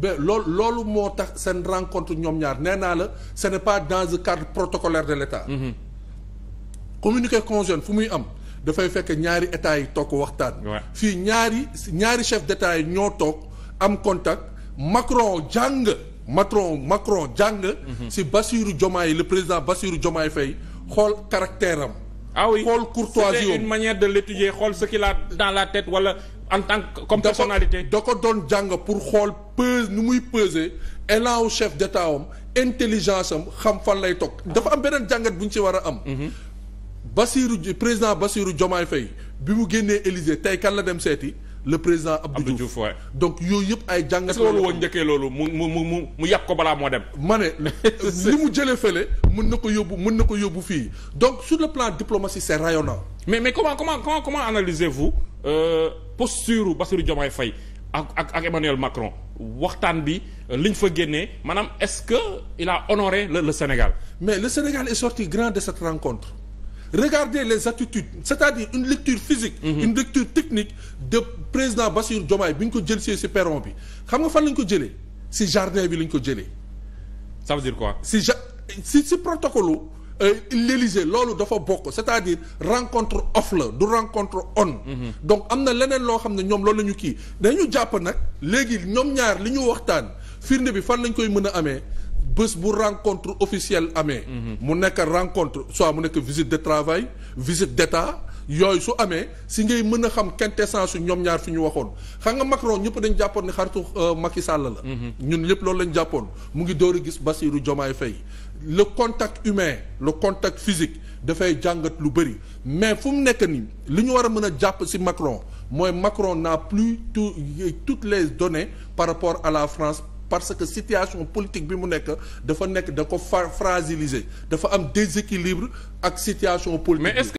ba loolu loolu moo tax seen rencontre ñoom ñaar nee naa la ce n'est pas dans le cadre protocolaire de l'État mmh. conjoint fu muy am dafay fekk ñaari état yi toog waxtaan fii ñaari ñaari chef d'état yi ñoo toog am contact Macron jàng Macron Macron jàng mm-hmm. si Bassirou Diomaye le président Bassirou yi fay xool caractère ah oui xool courtoisie c'était une manière de l'étudier xool ce qu'il a dans la tête wala en tant que comme personnalité da ko doon jàng pour xool pèse nu muy peser élan wu chef d'état am intelligence am xam fan lay toog dafa am beneen jàngat bu ñu ci war a am mhm. Bassirou président basiiru Diomaye Faye bi mu génnee Élysée tey kan la dem seeti le président Abdou Diouf ouais. donc yooyu yëpp ay jàngat. est loolu woon njëkkee loolu mu mu mu mu mu ko balaa moo dem. ma ne li mu jëlee fële mën na ko yóbbu mun na ko yóbbu fii donc sur le plan diplomatie c'est rayonnant. mais mais comment comment comment comment analysez-vous euh, posture Bassirou Diomaye fay ak ak ak Emmanuel Macron waxtaan bi euh, liñ fa génnee maanaam est-ce que il a honoré le le Sénégal. mais le Sénégal est sorti grand de cette rencontre. regardez les attitudes c'est-à-dire une lecture physique mhm. une lecture technique de président Bassirou Diomaye bi ñu ko jël see si perron bi xam nga fan lañ ko jëlee si jardin bi lañ ko jëlee ça quoi si ja si si protocole euh, l'Élysée loolu dafa bokk c'est-à-dire rencontre off la du rencontre on mhm. donc am na leneen loo xam ne ñoom loolu la ñu kii dañu jàpp nag léegi ñoom ñaar li ñu waxtaan firnde bi fan lañ koy mën a amee bés bu rencontre officielle amee. mu nekk rencontre soit mu nekk visite de travail visite d'état yooyu su amee si ngay mën a xam quintessence su ñoom ñaar fi ñu waxoon xam nga Macron ñëpp dañu jàppoon ni xaritu euh, Macky Sall la. ñun ñëpp loolu lañ jàppoon mu ngi door a gis Bassirou Diomaye Faye le contact humain le contact physique dafay jàngat lu bëri mais fu mu nekk nii li ñu war a mën a jàpp si Macron mooy Macron n'a plus tout toutes les données par rapport à la France. parce que situation politique bi mu nekk dafa nekk da ko fragiliser dafa am déséquilibre ak situation politique